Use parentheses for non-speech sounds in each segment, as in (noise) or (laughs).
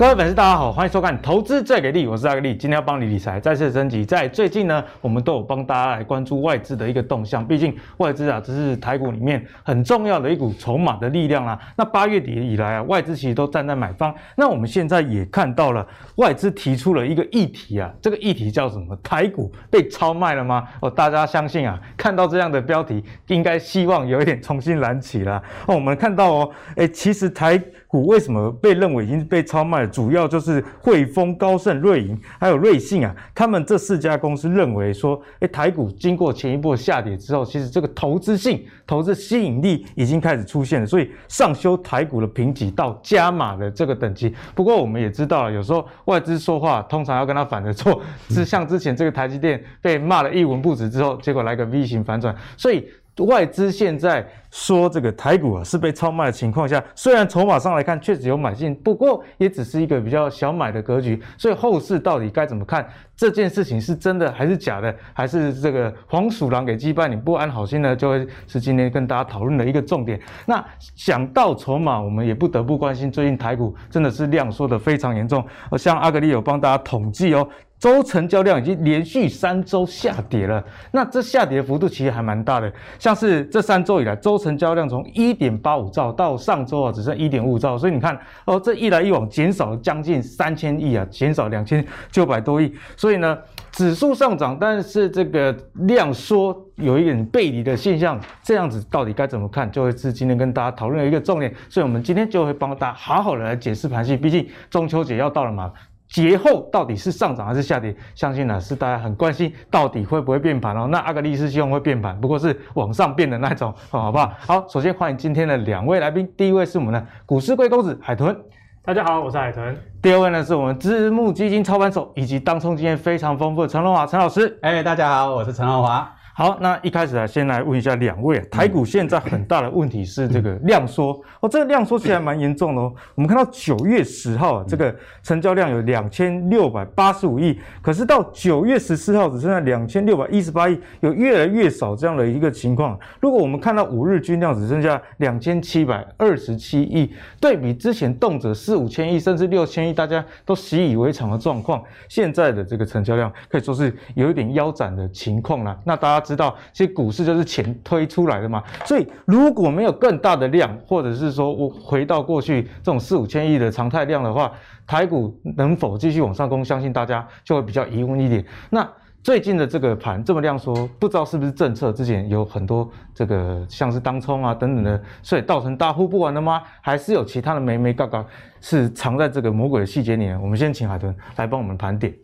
各位粉絲，大家好，歡迎收看《投資最給力》，我是阿克力，今天要幫你理財再次升級。在最近呢，我們都有幫大家來關注外資的一個動向，畢竟外資啊，這是台股裡面很重要的一股籌碼的力量啦、啊。那八月底以來啊，外資其實都站在買方。那我們現在也看到了外資提出了一個議題啊，這個議題叫什麼？台股被超賣了嗎？哦，大家相信啊，看到這樣的標題，應該希望有一點重新燃起了。哦，我們看到哦，哎，其實台股為什麼被認為已經被超賣了？主要就是匯豐、高盛、瑞銀還有瑞信啊，他們這四家公司認為說，誒、欸、台股經過前一波下跌之後，其實這個投資性、投資吸引力已經開始出現了，所以上修台股的評級到加碼的這個等級。不過我們也知道有時候外資說話通常要跟他反着做，是、嗯、像之前這個台積電被罵了一文不值之後，結果來個 V 型反轉，所以。外資現在說這個台股啊，是被超賣的情況下，雖然籌碼上來看確實有買進，不過也只是一個比較小買的格局，所以後市到底該怎麼看？這件事情是真的還是假的？還是這個黃鼠狼給雞拜，你不安好心呢？就會是今天跟大家討論的一個重點。那想到籌碼，我們也不得不關心，最近台股真的是量縮的非常嚴重。我像阿格力有幫大家統計哦，週成交量已經連續三周下跌了，那這下跌的幅度其實還蠻大的。像是這三周以來，週成交量從一點八五兆到上週啊，只剩一點五兆，所以你看，哦，這一來一往，減少了將近三千億啊，減少兩千九百多億。所以呢，指數上漲，但是這個量縮有一點背離的現象，這樣子到底該怎麼看，就會是今天跟大家討論的一個重點。所以我們今天就會幫大家好好的來解釋盤系，畢竟中秋節要到了嘛。節後到底是上漲還是下跌，相信呢是大家很關心，到底會不會變盤哦？那阿格麗斯希望會變盤，不過是往上變的那種，好不好？好，首先歡迎今天的兩位來賓，第一位是我們的股市貴公子海豚，大家好，我是海豚。第二位呢是我們私募基金操盤手以及當沖經驗非常豐富的陳榮華陳老師，誒、hey, 大家好，我是陳榮華。好，那一開始啊，先來問一下兩位啊，台股現在很大的問題是這個量縮、嗯、哦，這個量縮其實還蠻嚴重的哦、嗯。我們看到九月十號啊，這個成交量有兩千六百八十五億，可是到九月十四號只剩下兩千六百一十八億，有越來越少這樣的一個情況。如果我們看到五日均量只剩下兩千七百二十七億，對比之前動輒四五千億甚至六千億，大家都習以為常的狀況，現在的這個成交量可以說是有一點腰斬的情況了、啊。那大家。知道，其實股市就是錢推出來的嘛，所以如果沒有更大的量，或者是說我回到過去這種四五千億的常態量的話，台股能否繼續往上攻，相信大家就會比較疑問一點。那最近的這個盤這麼量縮，不知道是不是政策之前有很多這個像是當沖啊等等的，所以造成大戶不管了嗎？還是有其他的咩咩嘎嘎是藏在這個魔鬼的細節裡面？我們先請海豚來幫我們盤點。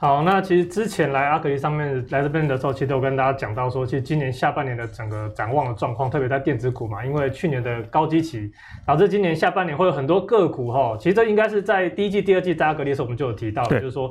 好，那其實之前來阿格力上面來這邊的時候，其實都有跟大家講到說，其實今年下半年的整個展望的狀況，特別在電子股嘛，因為去年的高基期，導致今年下半年會有很多個股哈。其實這應該是在第一季、第二季在阿格力的時候，我們就有提到，就是說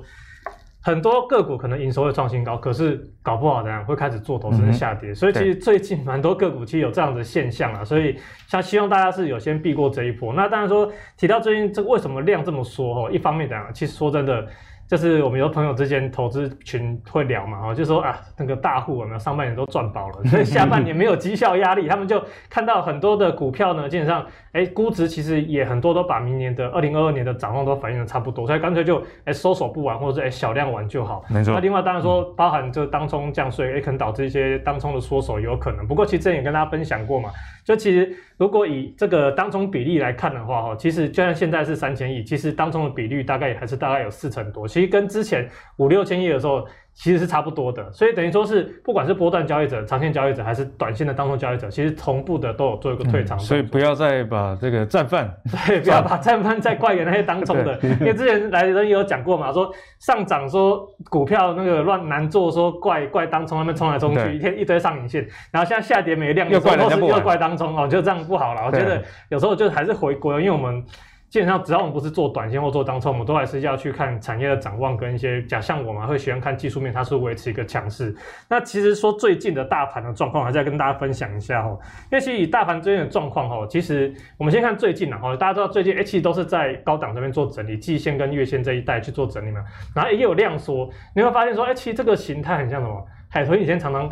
很多個股可能營收會創新高，可是搞不好的會開始做頭，甚至下跌，嗯。所以其實最近蠻多個股其實有這樣的現象啊。所以像希望大家是有先避過這一波。那當然說提到最近這為什麼量這麼縮，一方面的，其實說真的。就是我們有朋友之間投資群會聊嘛，哦、就是，就說啊，那個大戶，我們上半年都賺飽了，所 (laughs) 以下半年沒有績效壓力，他們就看到很多的股票呢，基本上，哎、欸，估值，其實也很多都把明年的二零二二年的展望都反映的差不多，所以乾脆就哎、欸、收手不玩，或者是哎、欸、小量玩就好。沒錯。那、啊、另外當然說，嗯、包含就是當沖降稅，哎、欸，可能導致一些當沖的縮手有可能。不過其實這也跟大家分享過嘛，就其實如果以這個當沖比例來看的話，哈，其實就像現在是三千億，其實當沖的比率大概也還是大概有四成多。其實跟之前五六千億的時候其實是差不多的，所以等於說是不管是波段交易者、長線交易者，還是短線的當沖交易者，其實同步的都有做一個退場、嗯。所以不要再把這個戰犯，對，不要把戰犯再怪給那些當沖的， (laughs) 因為之前來的人有講過嘛，說上漲說股票那個亂難做，說怪怪當沖，他們衝來衝去，一天一堆上影線，然後現在下跌沒量，又怪，不是又怪當沖哦，就這樣不好了，我覺得有時候就還是回歸，因為我們。基本上，只要我們不是做短線或做當沖，我們都還是要去看產業的展望跟一些。假像我們會喜歡看技術面，它是維持一個強勢。那其實說最近的大盤的狀況，還是要跟大家分享一下哈。那其實以大盤最近的狀況哈，其實我們先看最近啊哈，大家知道最近 H、欸、都是在高檔這邊做整理，季線跟月線這一帶去做整理嘛，然後也有量縮，你會發現說，H、欸、這個形態很像什麼？海豚以前常常。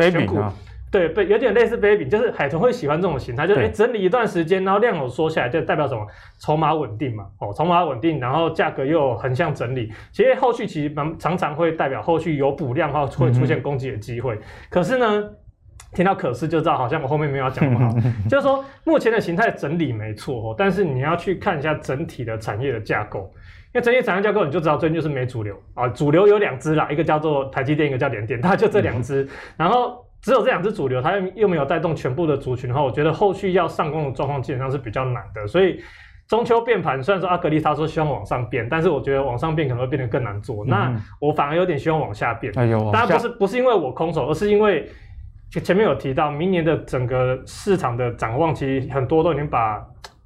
對，對，有點類似 baby，就是海豚會喜歡這種形態，就是整理一段時間，然後量有縮下來，就代表什麼？籌碼穩定嘛。哦，籌碼穩定，然後價格又橫向整理，其實後續其實常常會代表後續有補量，或會出現攻擊的機會、嗯。可是呢，聽到可是就知道，好像我後面沒有講嘛、嗯。就是說，目前的形態整理沒錯哦，但是你要去看一下整體的產業的架構，因為整體產業架構你就知道，最近就是沒主流啊，主流有兩只啦，一個叫做台積電，一個叫聯電，它就這兩只、嗯，然後。只有這兩隻主流，它又又沒有帶動全部的族群的話，然後我覺得後續要上攻的狀況基本上是比較難的，所以中秋變盤，雖然說阿格麗他說希望往上變，但是我覺得往上變可能會變得更難做，嗯、那我反而有點希望往下變。哎喲，當然不是不是，因為我空手，而是因為前面有提到明年的整個市場的展望期，很多都已經把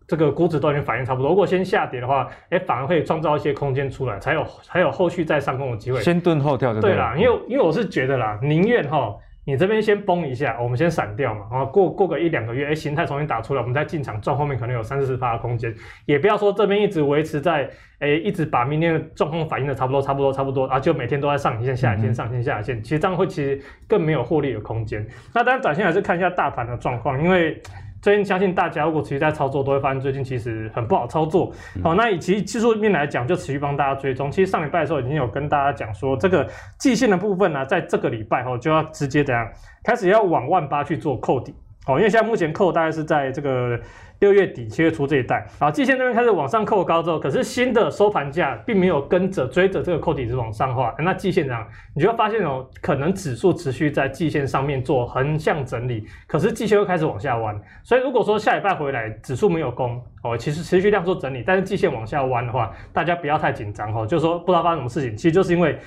這個估值都已經反應差不多。如果先下跌的話，欸、反而會創造一些空間出來，才有才有後續再上攻的機會。先蹲後跳對，對啦。對因為、嗯、因為我是覺得啦，寧願哈。你這邊先崩一下，我們先散掉嘛，然、啊、後過過個一兩個月，哎、欸，形態重新打出來，我們再進場賺後面可能有三四十趴的空間，也不要說這邊一直維持在，哎、欸，一直把明天的狀況反映的差不多，差不多，差不多，啊，就每天都在上影線、下影線、嗯嗯上影線、下影線，其實這樣會其實更沒有獲利的空間。那當然，短線還是看一下大盤的狀況，因為，最近相信大家如果持續在操作，都會發現最近其實很不好操作。好、嗯哦，那以其實技術面來講，就持續幫大家追蹤。其實上禮拜的時候已經有跟大家講說，這個季線的部分呢、啊，在這個禮拜後、哦、就要直接怎樣開始要往萬八去做扣底。好、哦，因為現在目前扣大概是在這個。六月底七月初這一帶，好，季線那邊開始往上扣高之後，可是新的收盤價並沒有跟着追着這個扣抵值往上畫、啊，那季線上，你就會發現哦、喔，可能指數持續在季線上面做橫向整理，可是季線又開始往下彎，所以如果說下禮拜回來指數沒有攻哦、喔，其實持續量做整理，但是季線往下彎的話，大家不要太緊張哦，就是說不知道發生什麼事情，其實就是因為。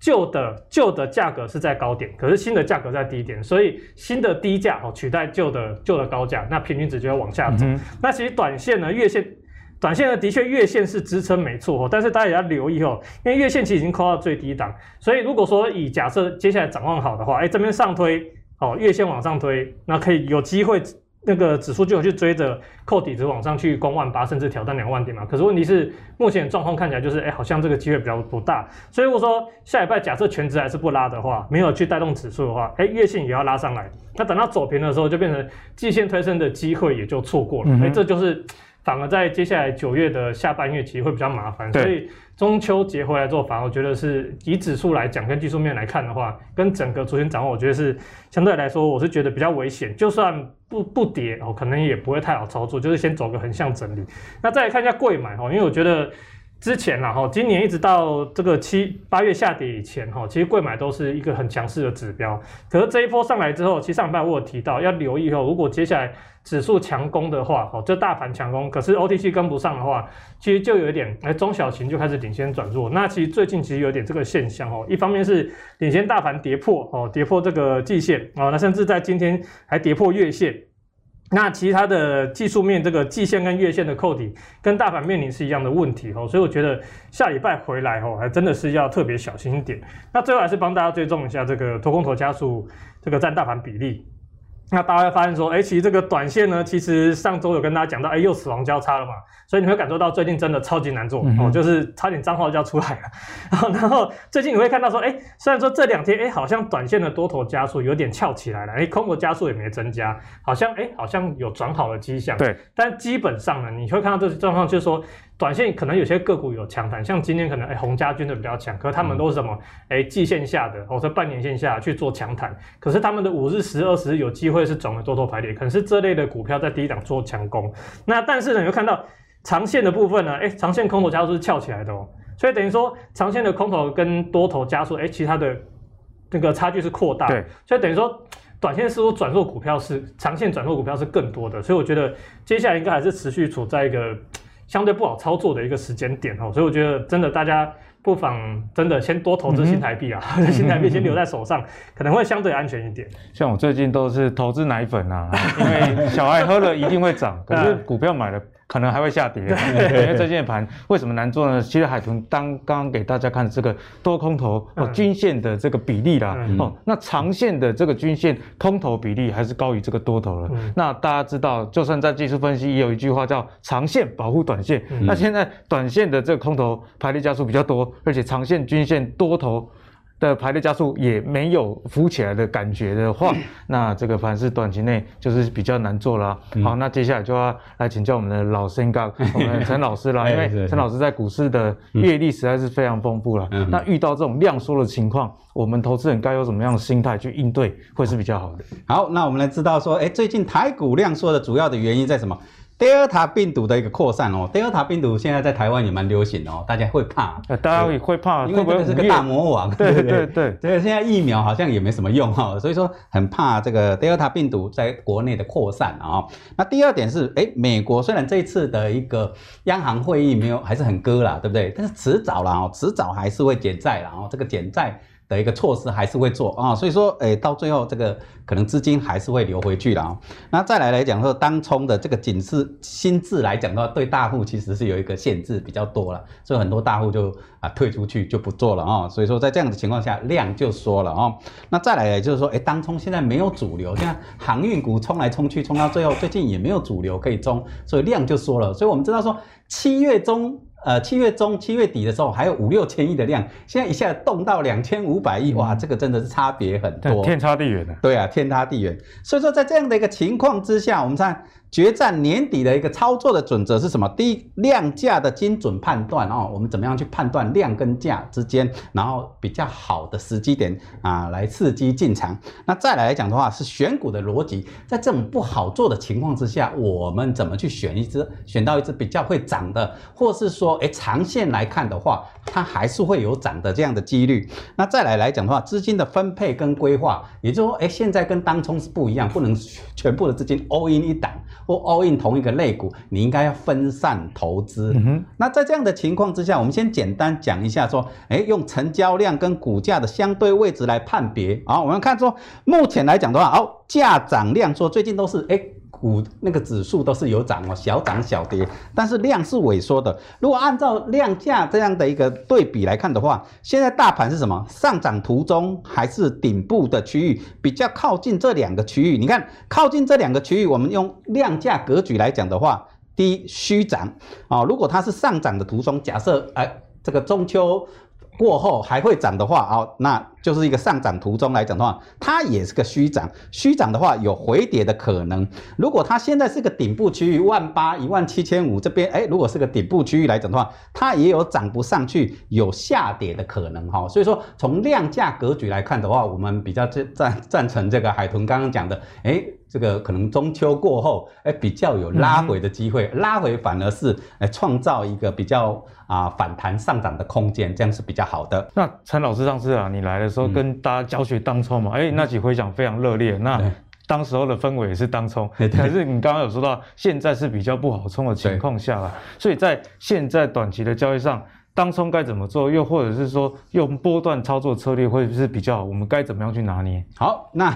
舊的舊的價格是在高點，可是新的價格在低點，所以新的低價哦取代舊的舊的高價，那平均值就會往下走、嗯。那其實短線呢，月線，短線呢的確月線是支撐沒錯哦，但是大家也要留意哦，因為月線其實已經扣到最低檔，所以如果說以假設接下來展望好的話，哎、欸、這邊上推哦，月線往上推，那可以有機會。那個指數就有去追着扣抵值往上去攻萬八，甚至挑戰兩萬點嘛。可是問題是，目前狀況看起來就是，誒、欸、好像這個機會比較不大。所以我說，下禮拜假設權值還是不拉的話，沒有去帶動指數的話，誒、欸、月線也要拉上來。那等到走平的時候，就變成季線推升的機會也就錯過了。誒、嗯欸、這就是。反而在接下來九月的下半月，其實會比較麻煩。所以中秋節回來做法，我覺得是以指數來講，跟技術面來看的話，跟整個資金掌握，我覺得是相對來說，我是覺得比較危險。就算不不跌哦，可能也不會太好操作，就是先走個橫向整理。那再來看一下櫃買哦，因為我覺得。之前然、啊、後今年一直到這個七八月下跌以前哈，其實櫃買都是一個很強勢的指標。可是這一波上來之後，其實上半我有提到要留意哦，如果接下來指數強攻的話，哦，就大盤強攻，可是 OTC 跟不上的話，其實就有一點，哎，中小型就開始領先轉弱。那其實最近其實有點這個現象哦，一方面是領先大盤跌破哦，跌破這個季線啊，那、哦、甚至在今天還跌破月線。那其他的技術面，這個季線跟月線的扣抵，跟大盤面臨是一樣的問題哦、喔，所以我覺得下禮拜回來哦、喔，還真的是要特別小心一點。那最後還是幫大家追蹤一下這個多空頭家數，這個佔大盤比例。那大家會發現說，誒、欸、其實這個短線呢，其實上周有跟大家講到，誒、欸、又死亡交叉了嘛，所以你會感受到最近真的超級難做、嗯、哦，就是差點賬號就要出來了、哦。然後最近你會看到說，誒、欸、雖然說這兩天，誒、欸、好像短線的多頭加速有點翹起來了，誒、欸、空頭加速也沒增加，好像，誒、欸、好像有轉好的跡象。對，但基本上呢，你會看到這些狀況，就是說。短線可能有些個股有強彈，像今天可能哎，洪、欸、家軍的比較強，可是他們都是什麼哎，季、嗯欸、線下的或者、喔、半年線下去做強彈，可是他們的五日、十日、二十有機會是轉為多頭排列，可能是這類的股票在低檔做強攻。那但是呢，你會看到長線的部分呢，哎、欸，長線空頭加速是翹起來的哦、喔，所以等於說長線的空頭跟多頭加速，哎、欸，其實它的那個差距是擴大，所以等於說短線似乎轉弱，股票是長線轉弱，股票是更多的，所以我覺得接下來應該還是持續處在一個。相對不好操作的一個時間點哦，所以我覺得真的大家不妨真的先多投資新台幣啊，嗯、 (laughs) 新台幣先留在手上、嗯哼哼，可能會相對安全一點。像我最近都是投資奶粉啊， (laughs) 因為小孩喝了一定會漲， (laughs) 可是股票買了、 (laughs) 啊。可能還會下跌， (laughs) 因為最近的盤為什麼難做呢？其實海豚剛剛給大家看的這個多空頭哦，均線的這個比例啦，哦，那長線的這個均線空頭比例還是高於這個多頭了、嗯。那大家知道，就算在技術分析，也有一句話叫長線保護短線、嗯。那現在短線的這個空頭排列加速比較多，而且長線均線多頭。的排列加速也沒有浮起來的感覺的話，嗯、那這個凡是短期內就是比較難做了、嗯。好，那接下來就要來請教我們的老先生，我們陳老師啦， (laughs) 因為陳老師在股市的閱歷實在是非常豐富了、嗯。那遇到這種量縮的情況，我們投資人該有什麼樣的心態去應對，會是比較好的？好，那我們來知道說，誒、欸，最近台股量縮的主要的原因在什麼？德爾塔病毒的一個擴散哦，德爾塔病毒現在在台灣也蠻流行哦，大家會怕，呃，大家也會怕，因為我也是個大魔王，對對對，對，對對對，所以現在疫苗好像也沒什麼用哈、哦，所以說很怕這個德爾塔病毒在國內的擴散啊、哦。那第二點是，誒，美國雖然這一次的一個央行會議沒有還是很鴿啦，對不對？但是遲早啦哦，遲早還是會減債啦哦，這個減債。的一個措施還是會做啊、哦，所以說、哎，誒到最後這個可能資金還是會流回去了啊。那再來來講說，當沖的這個警示新制來講的話，對大戶其實是有一個限制比較多了，所以很多大戶就啊退出去就不做了啊、哦。所以說，在這樣的情況下，量就縮了啊、哦。那再來，來就是說、哎，誒當沖現在沒有主流，現在航運股沖來沖去，沖到最後最近也沒有主流可以沖，所以量就縮了。所以我們知道說，七月中。呃，七月中、七月底的時候還有五六千億的量，現在一下子動到兩千五百億。嗯，哇，這個真的是差別很多，天差地遠的啊。對啊，天差地遠。所以說，在這樣的一個情況之下，我們看。決戰年底的一個操作的準則是什麼？第一，量價的精準判斷啊，然後我們怎麼樣去判斷量跟價之間，然後比較好的時機點啊，來伺機進場。那再來來講的話，是選股的邏輯，在這種不好做的情況之下，我們怎麼去選一只，選到一只比較會漲的，或是說，哎，長線來看的話，它還是會有漲的這樣的幾率。那再來來講的話，資金的分配跟規劃，也就是說，哎，現在跟當沖是不一樣，不能全部的資金 all in 一檔。不 all in 同一個類股，你應該要分散投資。嗯。那在這樣的情況之下，我們先簡單講一下，說，哎，用成交量跟股價的相對位置來判別。好，我們看說，目前來講的話，哦，價漲量縮，最近都是哎。誒股，那個指數都是有漲哦，小漲小跌，但是量是萎縮的。如果按照量價這樣的一個對比來看的話，現在大盤是什麼？上漲途中還是頂部的區域？比較靠近這兩個區域。你看靠近這兩個區域，我們用量價格局來講的話，第一虛漲啊、哦。如果它是上漲的途中，假設哎、呃、這個中秋。過後還會漲的話啊、哦，那就是一個上漲途中來講的話，它也是個虛漲。虛漲的話有回跌的可能。如果它現在是個頂部區域，萬八一萬七千五這邊，哎，如果是個頂部區域來講的話，它也有漲不上去，有下跌的可能哈、哦。所以說，從量價格局來看的話，我們比較贊贊贊成這個海豚剛剛講的，誒這個可能中秋過後，比較有拉回的機會，嗯、拉回反而是哎創造一個比較啊反彈上漲的空間，這樣是比較好的。那陳老師上次啊，你來的時候跟大家教學當沖嘛，嗯、誒那幾回響，非常熱烈，嗯，那當時候的氛圍也是當沖。可，嗯、是你剛剛有說到，現在是比較不好沖的情況下啦、嗯，所以在現在短期的交易上，當沖該怎麼做？又或者是說用波段操作策略，會是比較好我們該怎麼樣去拿捏？好，那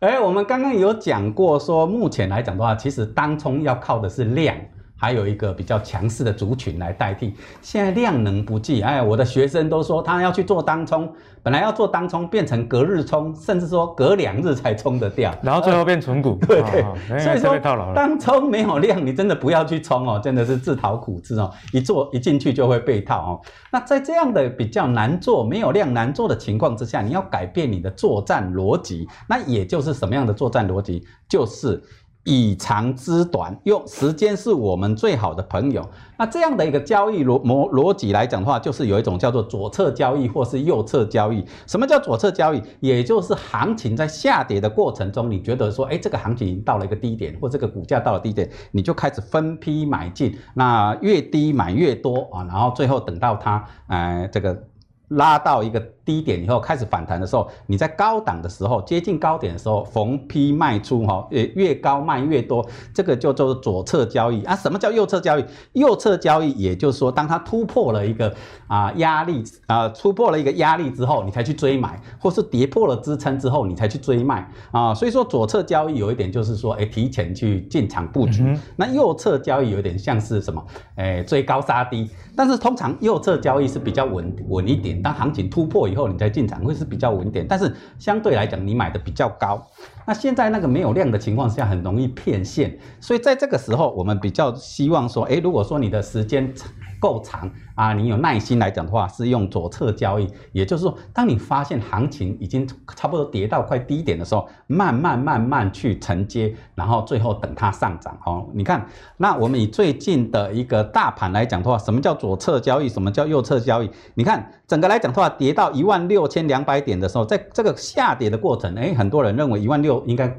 哎、欸，我們剛剛有講過說，目前來講的話，其實當沖要靠的是量。還有一個比較強勢的族群來代替，現在量能不濟，哎，我的學生都說他要去做當沖，本來要做當沖，變成隔日沖，甚至說隔兩日才沖得掉，然後最後變存股、呃，對對，對？所以說被套牢了。當沖沒有量，你真的不要去沖哦、喔，真的是自討苦吃哦、喔，一做一進去就會被套哦、喔。那在這樣的比較難做、沒有量難做的情況之下，你要改變你的作戰邏輯，那也就是什麼樣的作戰邏輯？就是。以長知短，用時間是我們最好的朋友。那這樣的一個交易邏邏邏輯來講的話，就是有一種叫做左側交易或是右側交易。什麼叫左側交易？也就是行情在下跌的過程中，你覺得說，哎，這個行情已經到了一個低點，或這個股價到了低點，你就開始分批買進，那越低買越多啊，然後最後等到它，哎、呃，這個。拉到一個低點以後開始反彈的時候，你在高檔的時候接近高點的時候逢批賣出哈、哦，越高賣越多，這個叫做左側交易啊。什麼叫右側交易？右側交易也就是說，當它突破了一個啊壓力啊突破了一個壓力之後，你才去追買，或是跌破了支撐之後你才去追賣啊。所以說左側交易有一點就是說，哎，提前去進場布局，那右側交易有點像是什麼？哎，追高殺低。但是通常右側交易是比較穩穩一點，當行情突破以後你再進場會是比較穩一點，但是相對來講你買的比較高，那現在那個沒有量的情況下很容易騙線，所以在這個時候我們比較希望說，哎、欸，如果說你的時間，夠長啊！你有耐心來講的話，是用左側交易，也就是說，當你發現行情已經差不多跌到快低點的時候，慢慢慢慢去承接，然後最後等它上漲。哦，你看，那我們以最近的一個大盤來講的話，什麼叫左側交易？什麼叫右側交易？你看，整個來講的話，跌到一萬六千兩百點的時候，在這個下跌的過程，誒，很多人認為一萬六應該。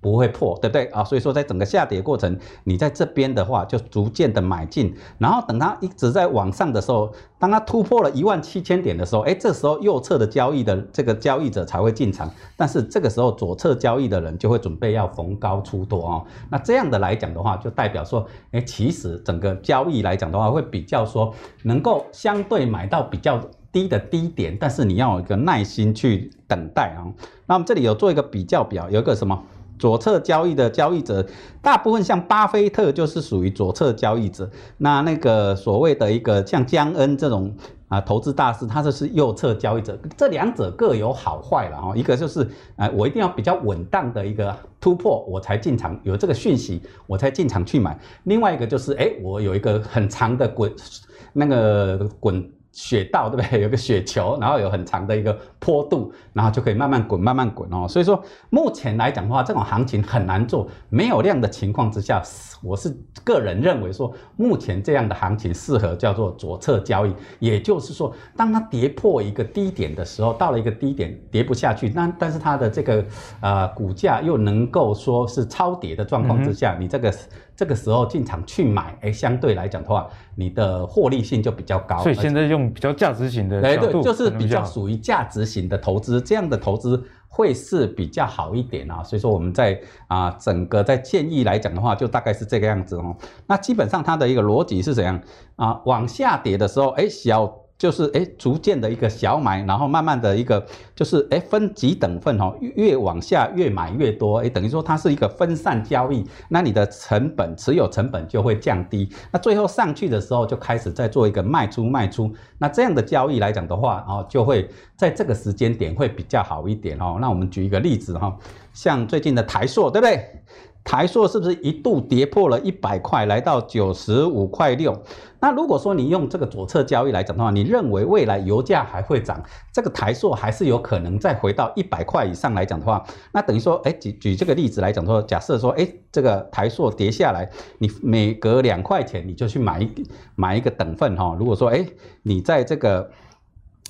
不會破，對不對啊？所以說，在整個下跌過程，你在這邊的話，就逐漸的買進，然後等它一直在往上的時候，當它突破了一萬七千點的時候，哎，這時候右側的交易的這個交易者才會進場，但是這個時候左側交易的人就會準備要逢高出多啊、哦。那這樣的來講的話，就代表說，哎，其實整個交易來講的話，會比較說能夠相對買到比較低的低點，但是你要有一個耐心去等待啊、哦。那我們這裡有做一個比較表，有一個什麼？左側交易的交易者，大部分像巴菲特就是屬於左側交易者。那那個所謂的一個像江恩這種啊投資大師，他就是右側交易者。這兩者各有好壞了哈、哦。一個就是哎、呃，我一定要比較穩當的一個突破，我才進場，有這個訊息我才進場去買。另外一個就是哎，我有一個很長的滾那個滾雪道，對不對？有個雪球，然後有很長的一個。坡度，然後就可以慢慢滾，慢慢滾哦。所以說，目前來講的話，這種行情很難做，沒有量的情況之下，我是個人認為說，目前這樣的行情適合叫做左側交易。也就是說，當它跌破一個低點的時候，到了一個低點跌不下去，那但是它的這個呃股價又能夠說是超跌的狀況之下，嗯、你這個這個時候進場去買，哎，相對來講的話，你的獲利性就比較高。所以現在用比較價值型的、哎，對，就是比較屬於價值型的。嗯型的投資，這樣的投資會是比較好一點啊，所以說我們在啊、呃、整個在建議來講的話，就大概是這個樣子哦。那基本上它的一個邏輯是怎樣啊、呃？往下跌的時候，哎，小。就是哎，逐漸的一個小買，然後慢慢的一個就是哎，分幾等份哦，越往下越買越多，哎，等於說它是一個分散交易，那你的成本持有成本就會降低，那最後上去的時候就開始再做一個賣出賣出，那這樣的交易來講的話，哦，就會在這個時間點會比較好一點哦。那我們舉一個例子哈、哦，像最近的台碩對不對？台塑是不是一度跌破了一百塊，來到九十五塊六？那如果說你用這個左側交易來講的話，你認為未來油價還會漲，這個台塑還是有可能再回到一百塊以上來講的話，那等於說，哎，舉舉這個例子來講說，假設說，哎，這個台塑跌下來，你每隔兩塊錢你就去買一買一個等份哈、哦。如果說，哎，你在這個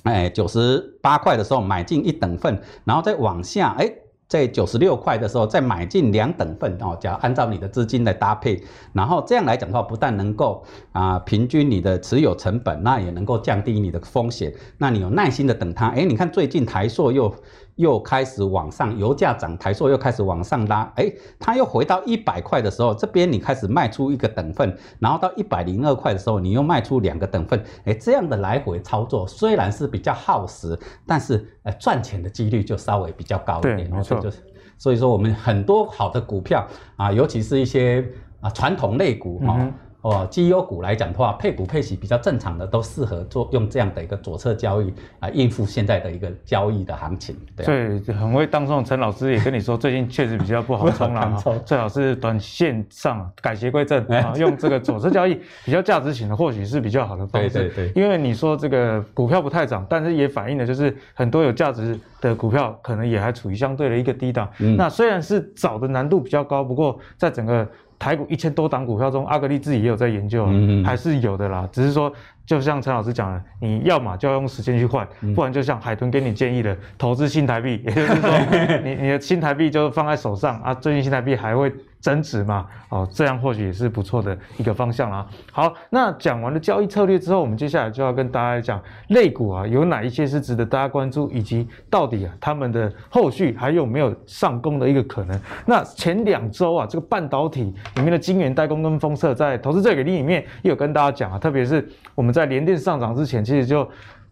哎九十八塊的時候買進一等份，然後再往下，哎。在九十六塊的時候，再買進兩等份哦，假如按照你的資金來搭配，然後這樣來講的話，不但能夠啊平均你的持有成本，那也能夠降低你的風險。那你有耐心的等它，誒，你看最近台碩又。又開始往上，油價漲，台數又開始往上拉，哎、欸，它又回到一百塊的時候，這邊你開始賣出一個等份，然後到一百零二塊的時候，你又賣出兩個等份，哎、欸，這樣的來回操作雖然是比較耗時，但是呃、欸、賺錢的幾率就稍微比較高一點。對、沒錯、okay, 所以說我們很多好的股票啊，尤其是一些、啊、傳統類股、嗯哦，績優股來講的話，配股配息比較正常的，都適合做用這樣的一個左側交易啊、呃，應付現在的一個交易的行情。對啊、所以很會當沖，陳老師也跟你說，最近確實比較不好沖、啊、 (laughs) 了最好是短線上改邪歸正、 (laughs) 啊、用這個左側交易比較價值型的，或許是比較好的方式。對，對對對，因為你說這個股票不太漲，但是也反映的就是很多有價值的股票可能也還處於相對的一個低檔。嗯，那雖然是找的難度比較高，不過在整個。台股一千多檔股票中，阿格力自己也有在研究、嗯，還是有的啦。只是說，就像陳老師講的，你要嘛就要用時間去換、嗯，不然就像海豚給你建議的，投資新台幣，也就是說， (laughs) 你你的新台幣就放在手上啊。最近新台幣還會，增值嘛，哦，這樣或許也是不錯的一個方向啦，啊。好，那講完了交易策略之後，我們接下來就要跟大家講類股啊，有哪一些是值得大家關注，以及到底啊，他們的後續還有沒有上攻的一個可能。那前兩週啊，這個半導體裡面的晶圓代工跟封測，在投資最給力裡面也有跟大家講啊，特別是我們在聯電上漲之前，其實就。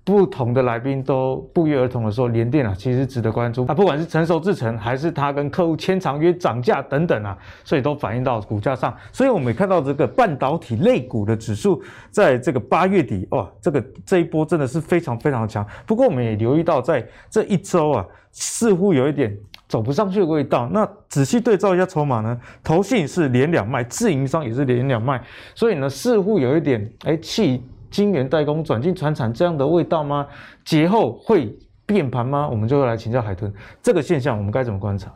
不同的來賓都不約而同的說，聯電啊,其實值得關注啊，不管是成熟製程，還是他跟客戶簽長約漲價等等啊，所以都反映到股價上。所以我們也看到這個半導體類股的指數，在這個八月底哇，這個這一波真的是非常非常強。不過我們也留意到，在這一周啊，似乎有一點走不上去的味道。那仔細對照一下籌碼呢，投信是連兩賣，自營商也是連兩賣，所以呢，似乎有一點誒氣欸氣晶圓代工轉進傳產這樣的味道嗎？節後會變盤嗎？我們就會來請教海豚，這個現象我們該怎麼觀察？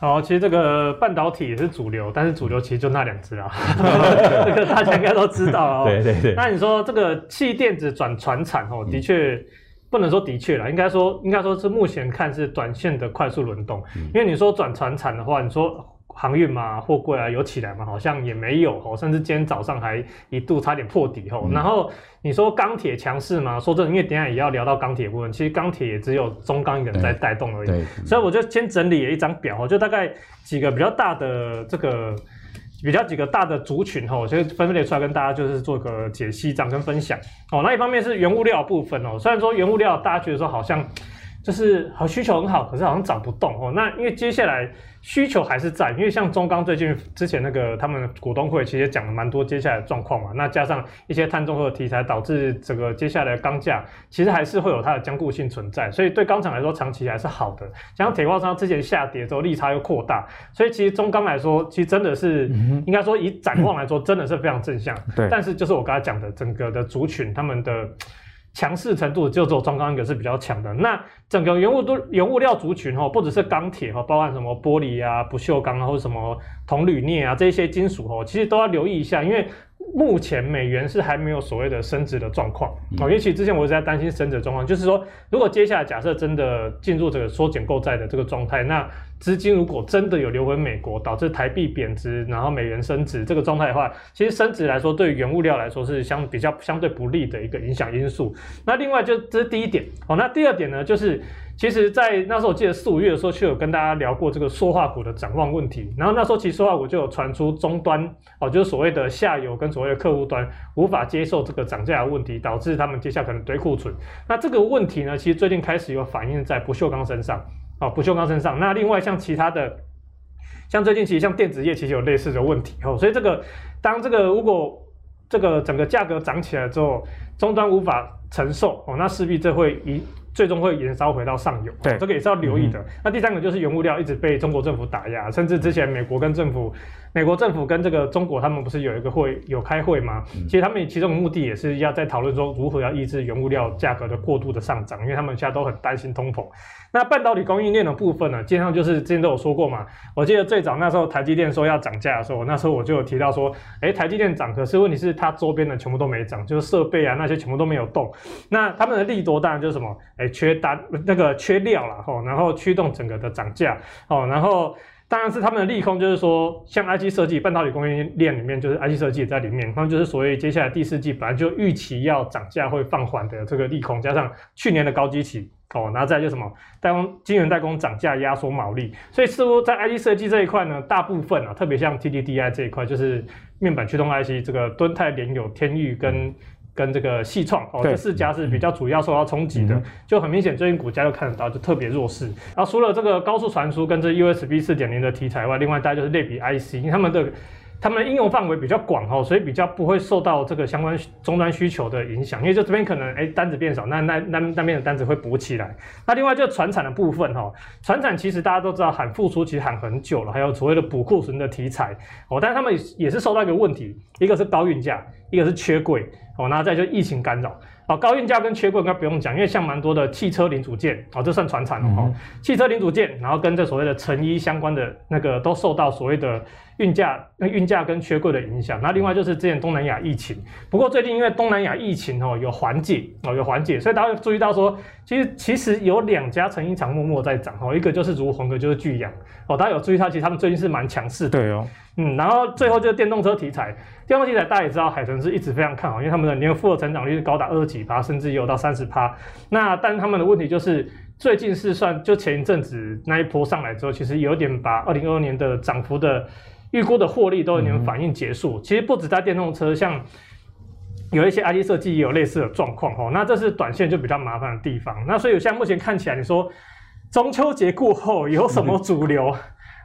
好，其實這個半導體也是主流，但是主流其實就那兩隻啊， (laughs) (laughs) (laughs) 這個大家應該都知道、哦。 (laughs) 對對對。那你說這個棄電子轉傳產哦，的確、嗯、不能說的確了，應該說應該說是目前看是短線的快速輪動、嗯，因為你說轉傳產的話，你說。航運嘛，貨櫃啊，有起來嘛，好像也沒有哦，甚至今天早上還一度差點破底、嗯、然後你說鋼鐵強勢嘛，說真的，因為等下也要聊到鋼鐵部分，其實鋼鐵也只有中鋼一個人在帶動而已、欸。對。所以我就先整理一張表，就大概幾個比較大的這個，比較幾個大的族群哦，就分類出來跟大家就是做個解析，這樣跟分享哦。那一方面是原物料的部分哦，雖然說原物料大家覺得說好像就是和需求很好，可是好像漲不動哦。那因為接下來。需求還是在，因為像中鋼最近之前那個他們股東會其實也講了蠻多接下來的狀況嘛，那加上一些碳中和題材，導致整個接下來鋼價其實還是會有它的僵固性存在，所以對鋼廠來說長期還是好的。像鐵礦商之前下跌之後利差又擴大，所以其實中鋼來說其實真的是應該說以展望來說真的是非常正向。對、嗯，但是就是我剛才講的整個的族群他們的。強勢程度就走，中鋼一個是比較強的。那整個原物都原物料族群哈，不只是鋼鐵哈，包含什麼玻璃啊、不鏽鋼啊，或者什麼銅、啊、鋁、鎳啊這些金屬哈，其實都要留意一下，因為目前美元是還沒有所謂的升值的狀況啊。尤其之前我一直在擔心升值狀況，就是說，如果接下來假設真的進入這個縮減購債的這個狀態，那。資金如果真的有流回美國，導致台幣貶值，然後美元升值，這個狀態的話，其實升值來說，對於原物料來說是相比較相對不利的一個影響因素。那另外就是、這是第一點哦。那第二點呢，就是其實在那時候，我記得四五月的時候，就有跟大家聊過這個塑化股的展望問題。然後那時候其實塑化股就有傳出終端哦，就是所謂的下游跟所謂的客戶端無法接受這個漲價的問題，導致他們接下來可能堆庫存。那這個問題呢，其實最近開始有反映在不鏽鋼身上。哦，不鏽鋼身上。那另外像其他的，像最近其實像電子業，其實有類似的問題哦。所以這個當這個如果這個整個價格漲起來之後，終端無法承受哦，那勢必這會一最終會延燒回到上游，哦。對，這個也是要留意的。嗯。那第三個就是原物料一直被中國政府打壓，甚至之前美國跟政府。美國政府跟這個中國，他們不是有一個會有開會嗎？其實他們其中的目的也是要在討論中如何要抑制原物料價格的過度的上漲，因為他們現在都很擔心通膨。那半導體供應鏈的部分呢？基本上就是之前都有說過嘛。我記得最早那時候台積電說要漲價的時候，那時候我就有提到說，誒、欸、台積電漲，可是問題是它周邊的全部都沒漲，就是設備啊那些全部都沒有動。那他們的利多大呢？就是什麼？誒、欸、缺單那個缺料了吼，然後驅動整個的漲價哦，然後。當然是他們的利空，就是說，像 IC 設計、半導體供應鏈裡面，就是 IC 設計也在裡面。他們就是所謂接下來第四季本來就預期要漲價會放緩的這個利空，加上去年的高基期哦，然後再就是什麼代工、晶圓代工漲價、壓縮毛利，所以似乎在 IC 設計這一塊呢，大部分啊，特別像 TDDI 這一塊，就是面板驅動 I C，這個敦泰有、嗯、聯友、天鈺跟。跟這個系創哦，這、喔、四家是比較主要受到衝擊的、嗯，就很明顯，最近股價就看得到，就特別弱勢。然後除了這個高速傳輸跟這 USB 四點零的題材外，另外大家就是類比 IC，因為他們的。他們的應用範圍比較廣哈，所以比較不會受到這個相關終端需求的影響，因為就這邊可能哎、欸、單子變少，那那那那邊的單子會補起來。那另外就傳產的部分哈，傳產其實大家都知道喊復甦其實喊很久了，還有所謂的補庫存的題材哦，但是他們也是受到一個問題，一個是高運價，一個是缺櫃哦，然後再就疫情干擾。哦、高運價跟缺櫃應該不用講，因為像蠻多的汽車零組件哦，這算船產傳產了哈、哦嗯。汽車零組件，然後跟這所謂的成衣相關的那個都受到所謂的運價、那運價跟缺櫃的影響。那另外就是之前東南亞疫情，不過最近因為東南亞疫情哦有緩解、哦、有緩解，所以大家注意到說，其實其實有兩家成衣廠默默在漲、哦、一個就是如紅的儒鴻就是聚陽哦，大家有注意到其實他們最近是蠻強勢的。對哦，嗯，然後最後就是電動車題材。電動器材大家也知道，海豚是一直非常看好，因為他們的年複合成長率是高達二十幾趴，甚至有到三十趴。那但他們的問題就是，最近是算就前一陣子那一波上來之後，其實有點把二零二二年的漲幅的預估的獲利都有點反應結束。嗯嗯其實不止在電動車，像有一些 ID 設計也有類似的狀況哈。那這是短線就比較麻煩的地方。那所以現在目前看起來，你說中秋節過後有什麼主流？嗯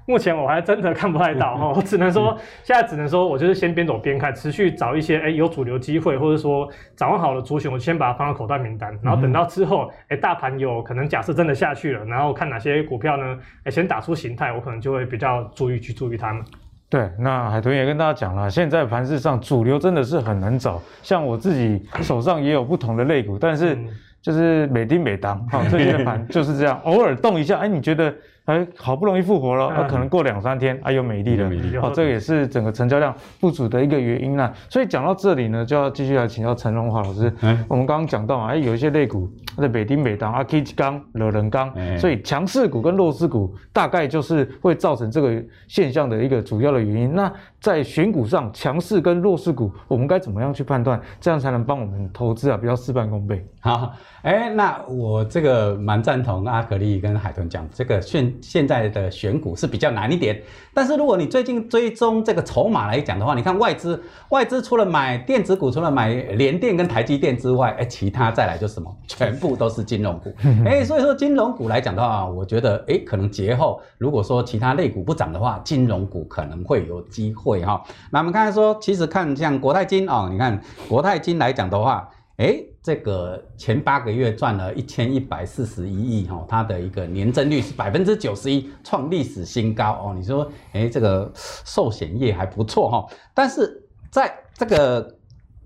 目前我還真的看不太到哈，我只能說是是是現在只能說，我就是先邊走邊看，持續找一些、欸、有主流機會，或者說掌握好了主選，我先把它放到口袋名單，然後等到之後嗯嗯、欸、大盤有可能假設真的下去了，然後看哪些股票呢？欸、先打出形態，我可能就會比較注意去注意它們。對，那海豚也跟大家講了，現在盤勢上主流真的是很難找，像我自己手上也有不同的類股，嗯、但是就是每天每當哈這些盤就是這樣， (laughs) 偶爾動一下，哎、欸、你覺得？哎，好不容易復活了、啊嗯，啊、可能過兩三天、啊有有，哎，又沒力了。好，這個也是整個成交量不足的一個原因啊。所以講到這裡呢，就要繼續來請教陳榮華老師、欸。嗯，我們剛剛講到啊，有一些類股，它的北頂北擋，阿克鋼、熱軋鋼，所以強勢股跟弱勢股大概就是會造成這個現象的一個主要的原因。那在選股上，強勢跟弱勢股，我們該怎麼樣去判斷？這樣才能幫我們投資啊，比較事半功倍。好，哎、欸，那我這個蠻贊同阿格力跟海豚講這個選。現在的選股是比較難一點，但是如果你最近追蹤這個籌碼來講的話，你看外資，外資除了買電子股，除了買聯電跟台積電之外，哎，其他再來就是什麼，全部都是金融股，哎， (laughs) 所以說金融股來講的話，我覺得哎，可能節後如果說其他類股不漲的話，金融股可能會有機會哈、哦。那我們剛才說，其實看像國泰金哦，你看國泰金來講的話。哎，這個前八個月賺了一千一百四十一億哈、哦，它的一個年增率是百分之九十一，創歷史新高哦。你說，哎，這個壽險業還不錯哈、哦，但是在這個。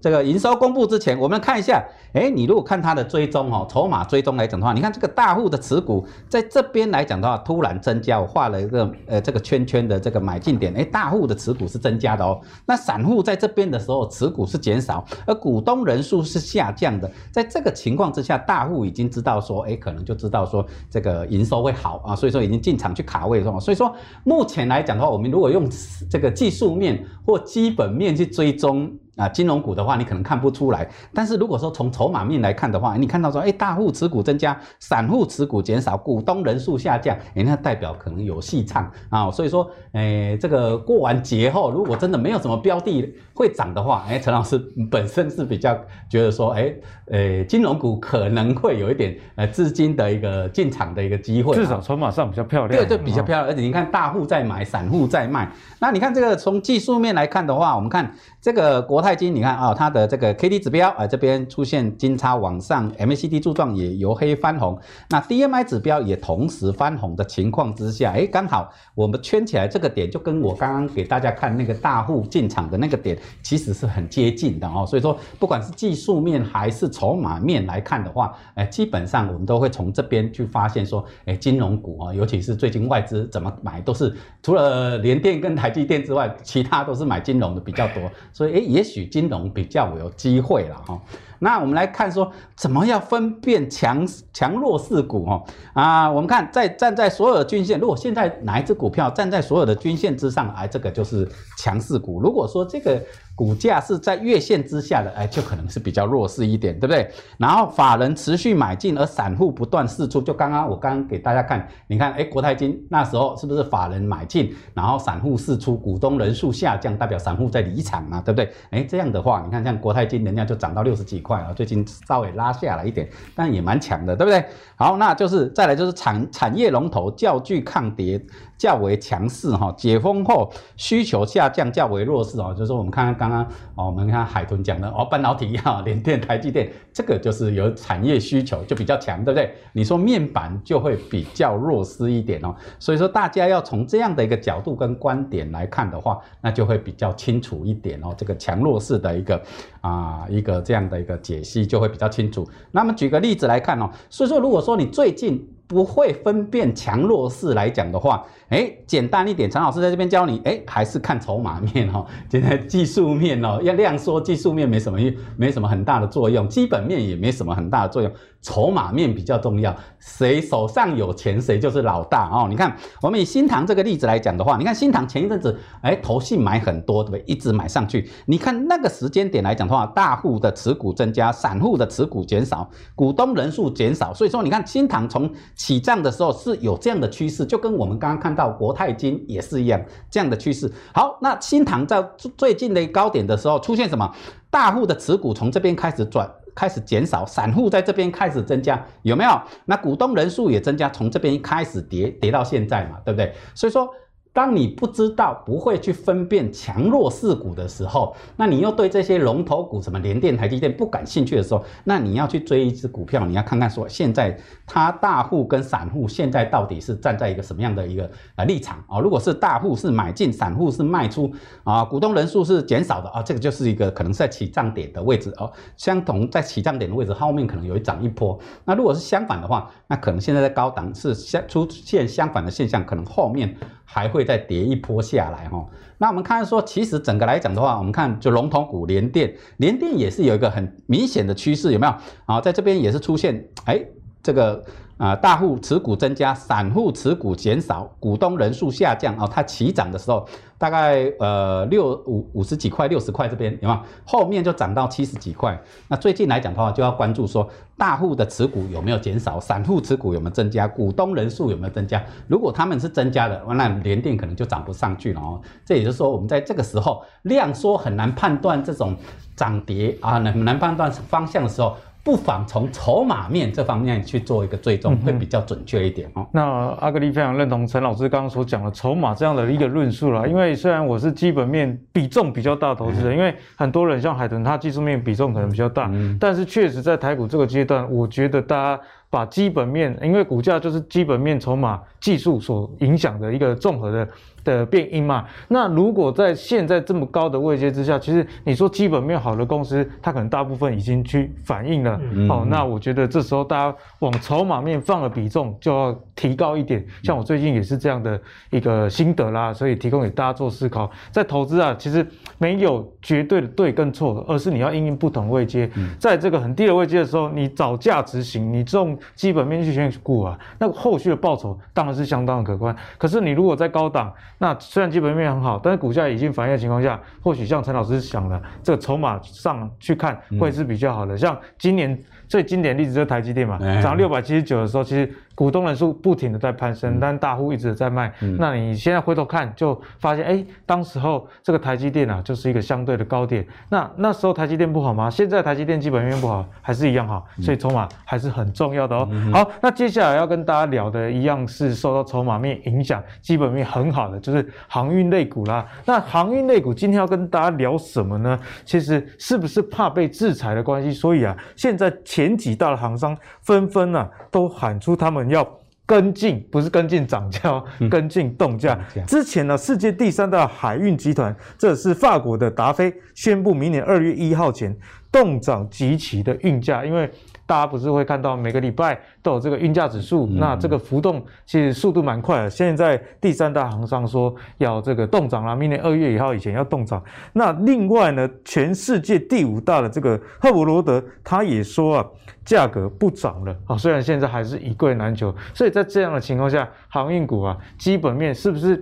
這個營收公布之前，我們看一下。誒，你如果看它的追蹤吼、哦，籌碼追蹤來講的話，你看這個大戶的持股在這邊來講的話，突然增加，我畫了一個呃這個圈圈的這個買進點。誒，大戶的持股是增加的哦。那散戶在這邊的時候，持股是減少，而股東人數是下降的。在這個情況之下，大戶已經知道說，誒，可能就知道說這個營收會好啊，所以說已經進場去卡位了。所以說目前來講的話，我們如果用這個技術面或基本面去追蹤。啊，金融股的話，你可能看不出來。但是如果說從籌碼面來看的話，你看到說，誒，大戶持股增加，散戶持股減少，股東人數下降，誒，那代表可能有戲唱啊。所以說，誒，這個過完節後，如果真的沒有什麼標的會漲的話，誒，陳老師本身是比較覺得說，誒呃，金融股可能會有一點呃資金的一個進場的一個機會。至少籌碼上比較漂亮，對，對，比較漂亮。嗯哦，而且你看，大戶在買，散戶在賣。那你看這個從技術面來看的話，我們看。這個國泰金，你看啊、哦，它的這個 K D 指標啊、呃，這邊出現金叉往上，M A C D 柱狀也由黑翻紅，那 D M I 指標也同時翻紅的情況之下，哎，剛好我們圈起來這個點，就跟我剛剛給大家看那個大戶進場的那個點，其實是很接近的哦。所以說，不管是技術面還是籌碼面來看的話，哎、呃，基本上我們都會從這邊去發現說，哎，金融股啊、哦，尤其是最近外資怎麼買，都是除了聯電跟台積電之外，其他都是買金融的比較多。所以，哎，也許金融比較有機會了哈。那我們來看說，怎麼要分辨強強弱勢股哦、喔？啊，我們看在站在所有的均線，如果現在哪一只股票站在所有的均線之上，哎，這個就是強勢股。如果說這個，股價是在月線之下的，哎，就可能是比較弱勢一點，對不對？然後法人持續買進，而散戶不斷釋出。就剛剛我剛，剛給大家看，你看，哎，國泰金那時候是不是法人買進，然後散戶釋出，股東人數下降，代表散戶在離場嘛、啊，對不對？哎，這樣的話，你看像國泰金，人家就漲到六十幾塊了，最近稍微拉下來一點，但也蠻強的，對不對？好，那就是再來就是產產業龍頭較具抗跌較為強勢哈，解封後需求下降較為弱勢哦，就是我們看，看。剛剛我們看海豚講的哦，半導體哈，聯電、台積電，這個就是有產業需求，就比較強，對不對？你說面板就會比較弱勢一點哦，所以說大家要從這樣的一個角度跟觀點來看的話，那就會比較清楚一點哦，這個強弱勢的一個啊、呃、一個這樣的一個解析就會比較清楚。那麼舉個例子來看哦，所以說如果說你最近不會分辨強弱勢來講的話，哎，簡單一點，陳老師在這邊教你。哎，還是看籌碼面哦，現在技術面哦，要量縮，技術面沒什麼用，沒什麼很大的作用，基本面也沒什麼很大的作用，籌碼面比較重要。誰手上有錢，誰就是老大哦。你看，我們以新唐這個例子來講的話，你看新唐前一陣子，哎，投信買很多對不對？一直買上去。你看那個時間點來講的話，大戶的持股增加，散戶的持股減少，股東人數減少。所以說，你看新唐從起漲的時候是有這樣的趨勢，就跟我們剛剛看到。國泰金也是一樣這樣的趨勢。好，那新唐在最近的高點的時候出現什麼？大戶的持股從這邊開始轉，開始減少，散戶在這邊開始增加，有沒有？那股東人數也增加，從這邊開始跌跌到現在嘛，對不對？所以說。當你不知道、不會去分辨強弱勢股的時候，那你又對這些龍頭股，什麼聯電、台積電不感興趣的時候，那你要去追一隻股票，你要看看說現在它大戶跟散戶現在到底是站在一個什麼樣的一個呃立場啊、哦？如果是大戶是買進，散戶是賣出啊、哦，股東人數是減少的啊、哦，這個就是一個可能是在起漲點的位置哦。相同在起漲點的位置，後面可能有一漲一波。那如果是相反的話，那可能現在在高檔是相出現相反的現象，可能後面。還會再跌一波下來哈，那我們看說，其實整個來講的話，我們看就龍頭股聯電，聯電也是有一個很明顯的趨勢，有沒有？啊，在這邊也是出現，哎、欸，這個。啊、呃，大戶持股增加，散戶持股減少，股東人數下降。哦，它起漲的時候，大概呃六五五十幾塊、六十塊這邊，有沒有？後面就漲到七十幾塊。那最近來講的話，就要關注說，大戶的持股有沒有減少，散戶持股有沒有增加，股東人數有沒有增加？如果他們是增加的，那聯電可能就漲不上去了。哦，這也就是說，我們在這個時候量縮很難判斷這種漲跌啊，很難判斷方向的時候。不妨從籌碼面這方面去做一個追蹤會比較準確一點、嗯、哦。那阿格力非常認同陳老師剛剛所講的籌碼這樣的一個論述了、嗯，因為雖然我是基本面比重比較大的投資人、嗯，因為很多人像海豚，他技術面比重可能比較大、嗯，但是確實在台股這個階段，我覺得大家把基本面，因為股價就是基本面、籌碼、技術所影響的一個綜合的的變因嘛。那如果在現在這麼高的位階之下，其實你說基本面好的公司，它可能大部分已經去反映了。嗯。哦，那我覺得這時候大家往籌碼面放的比重就要提高一點。像我最近也是這樣的一個心得啦，所以提供給大家做思考。在投資啊，其實沒有絕對的對跟錯，而是你要應用不同位階。在這個很低的位階的時候，你找價值型，你這種。基本面去選股啊，那後續的報酬當然是相當的可觀。可是你如果在高檔，那雖然基本面很好，但是股價已經反應的情況下，或許像陳老師想的，這個籌碼上去看會是比較好的。嗯、像今年最經典的例子就是台積電嘛，漲六百七十九的時候，其實。股東人數不停的在攀升，但大戶一直在賣、嗯。那你現在回頭看，就發現，哎、嗯欸，當時候這個台積電啊，就是一個相對的高點。那那時候台積電不好嗎？現在台積電基本面不好、嗯，還是一樣好。所以籌碼還是很重要的哦、嗯。好，那接下來要跟大家聊的，一樣是受到籌碼面影響，基本面很好的，就是航運類股啦。那航運類股今天要跟大家聊什麼呢？其實是不是怕被制裁的關係？所以啊，現在前幾大的航商紛紛啊，都喊出他們。要跟進，不是跟進漲價哦，跟進凍價、嗯。之前呢，世界第三大海運集團，這是法國的達飛宣布明年二月一號前凍漲及其的運價，因為。大家不是會看到每個禮拜都有這個運價指數，嗯、那這個浮動其實速度蠻快的。現在第三大航商說要這個凍漲啦，啊，明年二月一號以前要凍漲。那另外呢，全世界第五大的這個赫伯羅德，他也說啊，價格不漲了啊，哦，雖然現在還是一櫃難求，所以在這樣的情況下，航運股啊，基本面是不是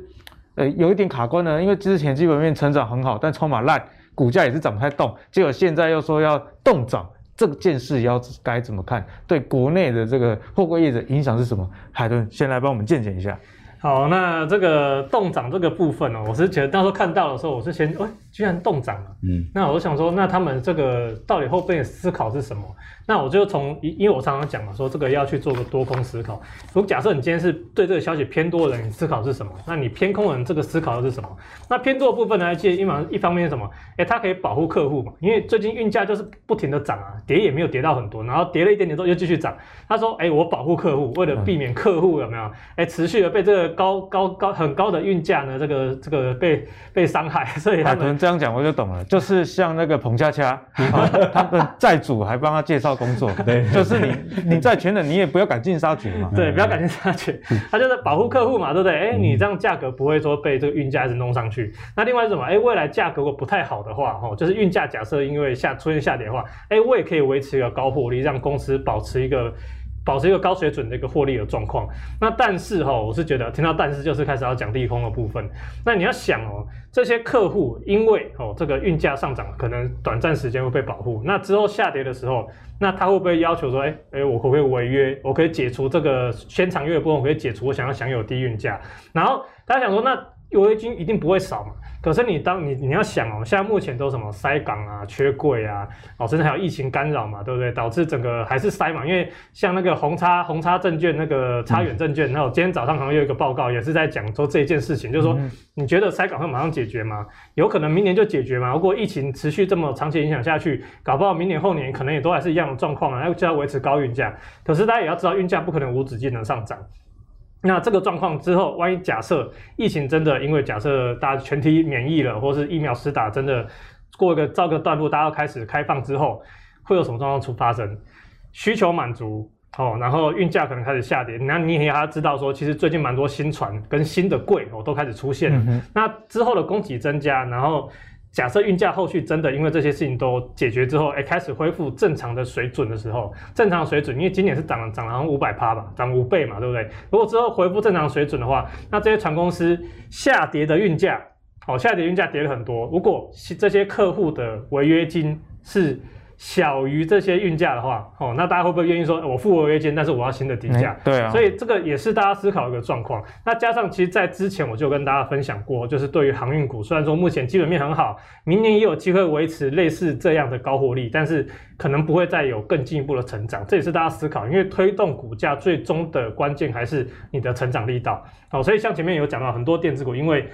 呃有一點卡關呢？因為之前基本面成長很好，但籌碼爛，股價也是漲不太動，結果現在又說要凍漲。這件事要該怎麼看？對國內的這個貨櫃業的影響是什麼？海豚先來幫我們見解一下。好，那這個凍漲這個部分呢、哦，我是覺得到時候看到的時候，我是先喂。哎居然凍漲了，嗯，那我想說，那他們這個到底後邊思考是什麼？那我就從，因因為我常常講嘛，說這個要去做個多空思考。如果假設你今天是對這個消息偏多的人，你思考是什麼？那你偏空的人這個思考的是什麼？那偏多的部分呢？其實一方一方面是什麼？哎、欸，它可以保護客戶嘛，因為最近運價就是不停的漲啊，跌也沒有跌到很多，然後跌了一點點之後又繼續漲。他說，哎、欸，我保護客戶，為了避免客戶有沒有？哎、欸，持續的被這個高高高，高很高的運價呢，這個這個被被傷害，所以他們。這樣講我就懂了，就是像那個彭恰恰， (laughs) 哦、他的債主還幫他介紹工作， (laughs) 對，就是你 (laughs) 你債權的你也不要趕盡殺絕，對，不要趕盡殺絕，他就是保護客戶嘛，對不對？哎、欸，你這樣價格不會說被這個運價一直弄上去，嗯。那另外是什麼？哎、欸，未來價格如果不太好的話，吼，就是運價假設因為下出現下跌的話，哎、欸，我也可以維持一個高獲利，讓公司保持一個。保持一個高水準的一個獲利的狀況，那但是哈、哦，我是覺得聽到但是就是開始要講利空的部分。那你要想哦，這些客戶因為哦這個運價上漲，可能短暫時間會被保護。那之後下跌的時候，那他會不會要求說，哎、欸、誒、欸、我可不可以違約？我可以解除這個先長月的部分，我可以解除，我想要享有低運價。然後他想說那。優惠金一定不會少嘛，可是你當你你要想哦，現在目前都什麼塞港啊、缺櫃啊，哦，甚至還有疫情干擾嘛，對不對？導致整個還是塞嘛。因為像那個紅叉紅叉證券那個叉遠證券，嗯、然後今天早上好像有一個報告也是在講說這件事情，就是說你覺得塞港會馬上解決嗎？嗯、有可能明年就解決嘛？如果疫情持續這麼長期影響下去，搞不好明年後年可能也都還是一樣的狀況了，就要維持高運價。可是大家也要知道，運價不可能無止境的上漲。那這個狀況之後，萬一假設疫情真的，因為假設大家全體免疫了，或是疫苗施打真的過一個告個段落，大家要開始開放之後，會有什麼狀況出發生？需求滿足哦，然後運價可能開始下跌。那你也要知道說，其實最近蠻多新船跟新的櫃哦都開始出現、嗯、那之後的供給增加，然後。假設運價後續真的因為這些事情都解決之後，哎、欸，開始恢復正常的水準的時候，正常水準，因為今年是漲了漲了好像五百趴吧，漲五倍嘛，對不對？如果之後恢復正常水準的話，那這些船公司下跌的運價，好、哦，下跌的運價跌了很多，如果這些客戶的違約金是。小於這些運價的話，哦，那大家會不會願意說，我付違約金，但是我要新的底價，欸。對啊，所以這個也是大家思考一個狀況。那加上，其實，在之前我就跟大家分享過，就是對於航運股，雖然說目前基本面很好，明年也有機會維持類似這樣的高獲利，但是可能不會再有更進一步的成長。這也是大家思考，因為推動股價最終的關鍵還是你的成長力道。哦，所以像前面有講到，很多電子股因為。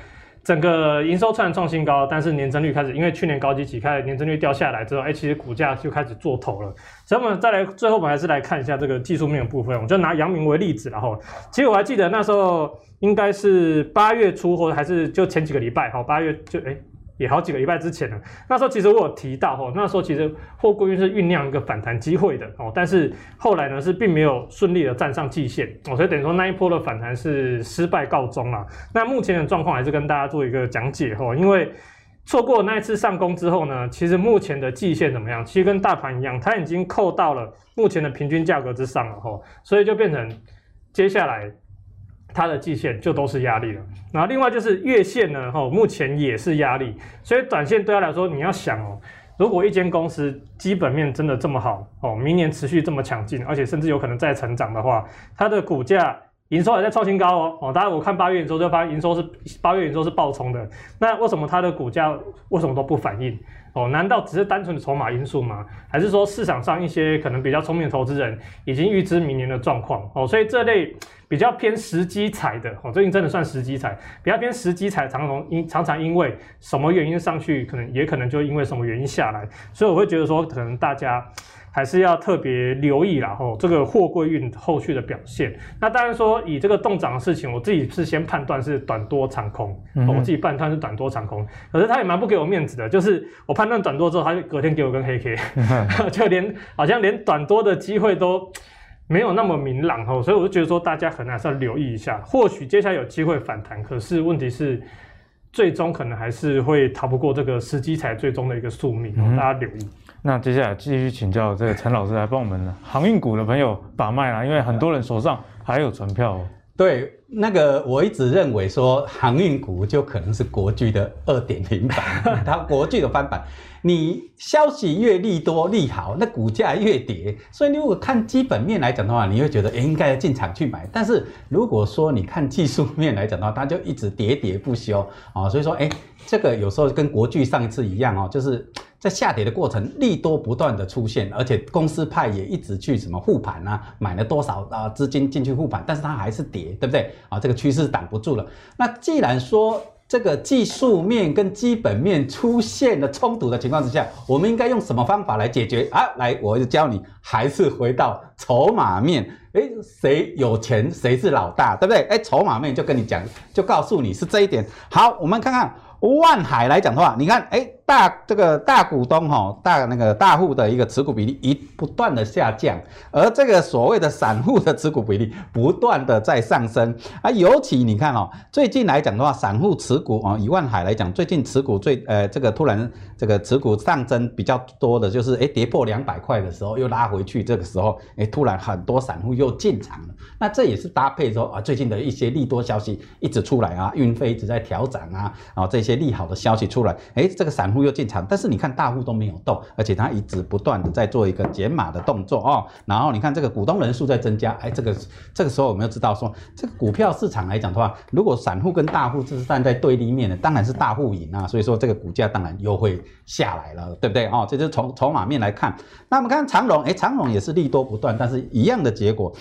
整個營收雖然創新高，但是年增率開始，因為去年高基期，開始年增率掉下來之後，哎，其實股價就開始做頭了。所以，我們再來最後，我們還是來看一下這個技術面的部分。我就拿陽明為例子，然後，其實我還記得那時候應該是八月初，或者還是就前幾個禮拜，吼，八月就哎。誒也好幾個禮拜之前了，那時候其實我有提到吼，那時候其實貨櫃運是醞釀一個反彈機會的哦，但是後來呢是並沒有順利的站上季線哦，所以等於說那一波的反彈是失敗告終了。那目前的狀況還是跟大家做一個講解吼，因為錯過那一次上攻之後呢，其實目前的季線怎麼樣？其實跟大盤一樣，它已經扣到了目前的平均價格之上了吼，所以就變成接下來。它的季線就都是壓力了，然後另外就是月線呢，吼、哦，目前也是壓力，所以短線對他來說，你要想哦，如果一間公司基本面真的這麼好哦，明年持續這麼強勁，而且甚至有可能再成長的話，它的股價營收還在創新高哦，哦，當然我看八月營收就發現營收是八月營收是暴衝的，那為什麼它的股價為什麼都不反應？哦，難道只是單純的籌碼因素嗎？還是說市場上一些可能比較聰明的投資人已經預知明年的狀況？哦，所以這類比較偏時機財的，哦，最近真的算時機財，比較偏時機財，常常因常常因為什麼原因上去，可能也可能就因為什麼原因下來，所以我會覺得說，可能大家。還是要特別留意然吼、哦，這個貨櫃運後續的表現。那當然說，以這個凍漲的事情，我自己是先判斷是短多長空，嗯、我自己判斷是短多長空。可是他也蠻不給我面子的，就是我判斷短多之後，他就隔天給我跟根黑 K、嗯、哼哼 (laughs) 就連好像連短多的機會都沒有那麼明朗哦，所以我就覺得說，大家可能還是要留意一下。或許接下來有機會反彈，可是問題是最終可能還是會逃不過這個時機才最終的一個宿命，嗯、大家留意。那接下來繼續請教這個陳老師來幫我們呢航運股的朋友把脈啦，因為很多人手上還有船票哦。對，那個我一直認為說航運股就可能是國巨的二點零版，它國巨的翻版。你消息越利多利好，那股價越跌。所以你如果看基本面來講的話，你會覺得哎、欸、應該要進場去買。但是如果說你看技術面來講的話，它就一直跌跌不休啊、哦。所以說哎、欸，這個有時候跟國巨上一次一樣哦，就是。在下跌的過程，利多不斷的出現，而且公司派也一直去什麼護盤啊，買了多少啊資金進去護盤，但是它還是跌，對不對？啊，這個趨勢擋不住了。那既然說這個技術面跟基本面出現了衝突的情況之下，我們應該用什麼方法來解決啊？來，我就教你，還是回到籌碼面。誒、欸，誰有錢誰是老大，對不對？誒、欸，籌碼面就跟你講，就告訴你是這一點。好，我們看看萬海來講的話，你看，誒、欸。大這個大股東哈、哦，大那個大戶的一個持股比例一不斷的下降，而這個所謂的散戶的持股比例不斷的在上升。啊，尤其你看哦，最近來講的話，散戶持股啊、哦，以萬海來講，最近持股最呃這個突然這個持股上升比較多的就是，哎、欸，跌破兩百塊的時候又拉回去，這個時候哎、欸，突然很多散戶又進場了。那這也是搭配說啊，最近的一些利多消息一直出來啊，運費一直在調漲啊，然、哦、後這些利好的消息出來，哎、欸，這個散。又進場，但是你看大戶都沒有動，而且它一直不斷的在做一個減碼的動作哦。然後你看這個股東人數在增加，哎，這個這個時候我們要知道說，這個股票市場來講的話，如果散戶跟大戶這是站在對立面的，當然是大戶贏啊，所以說這個股價當然又會下來了，對不對哦，這就是從籌碼面來看。那我們看長榮，哎，長榮也是利多不斷，但是一樣的結果。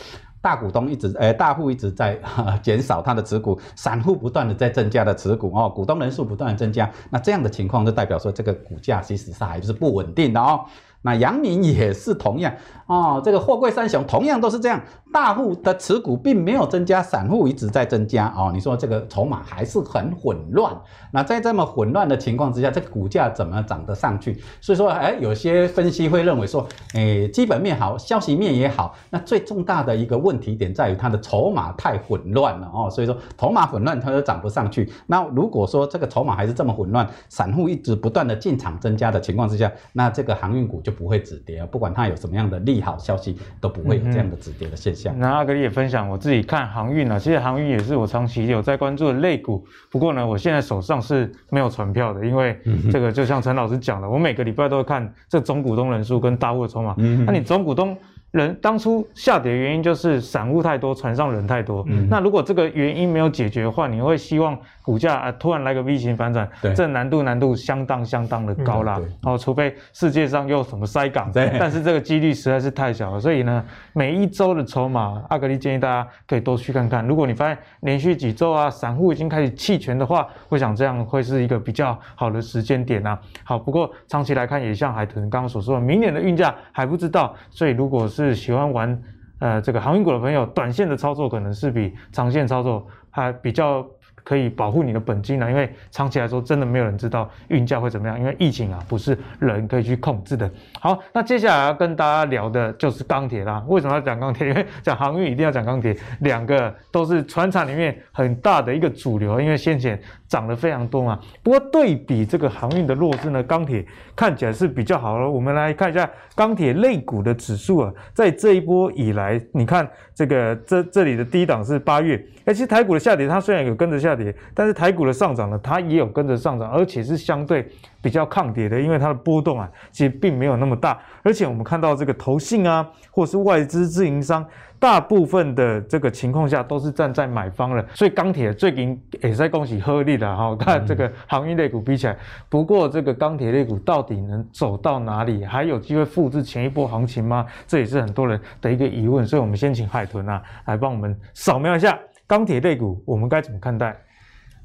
大股東一直誒、欸，大戶一直在減少他的持股，散戶不斷的在增加的持股哦，股東人數不斷的增加，那這樣的情況就代表說這個股價其實上還是不穩定的哦。那陽明也是同樣哦，這個貨櫃三雄同樣都是這樣。大戶的持股並沒有增加，散戶一直在增加哦。你說這個籌碼還是很混亂。那在這麼混亂的情況之下，這個股價怎麼漲得上去？所以說，哎，有些分析會認為說，哎，基本面好，消息面也好，那最重大的一個問題點在於它的籌碼太混亂了哦。所以說，籌碼混亂它就漲不上去。那如果說這個籌碼還是這麼混亂，散戶一直不斷的進場增加的情況之下，那這個航運股就不會止跌。不管它有什麼樣的利好消息，都不會有這樣的止跌的現象。嗯嗯那阿格力也分享，我自己看航運啊，其實航運也是我長期有在關注的類股。不過呢，我現在手上是沒有船票的，因為這個就像陳老師講的，我每個禮拜都會看這總股東人數跟大戶的籌碼。那、嗯啊、你總股東？人當初下跌的原因就是散戶太多，船上人太多。嗯，那如果這個原因沒有解決的話，你會希望股價啊突然來個 V 型反轉？對，這難度難度相當相當的高啦。嗯、哦，除非世界上又有什麼塞港，但是這個幾率實在是太小了。所以呢，每一周的籌碼，阿格力建議大家可以多去看看。如果你發現連續幾周啊散戶已經開始棄權的話，我想這樣會是一個比較好的時間點啊。好，不過長期來看，也像海豚剛剛所說的，明年的運價還不知道，所以如果是是喜歡玩呃這個航運股的朋友，短線的操作可能是比長線操作還比較，可以保護你的本金呢，啊，因為長期來說，真的沒有人知道運價會怎麼樣，因為疫情啊，不是人可以去控制的。好，那接下來要跟大家聊的就是鋼鐵啦。為什麼要講鋼鐵？因為講航運一定要講鋼鐵，兩個都是傳產裡面很大的一個主流，因為先前漲得非常多嘛。不過對比這個航運的弱勢呢，鋼鐵看起來是比較好了。我們來看一下鋼鐵類股的指數啊，在這一波以來，你看這個這這裡的低檔是八月，哎、欸，其實台股的下跌，它雖然有跟着下跌。跌，但是台股的上漲呢，它也有跟着上漲，而且是相對比較抗跌的，因為它的波動啊，其實並沒有那麼大。而且我們看到這個投信啊，或是外資自營商，大部分的這個情況下都是站在買方了。所以鋼鐵最近也在恭喜獲利的哈，看這個航運類股比起來，不過這個鋼鐵類股到底能走到哪裡，還有機會複制前一波行情嗎？這也是很多人的一個疑問。所以我們先請海豚啊來幫我們掃描一下鋼鐵類股，我們該怎麼看待？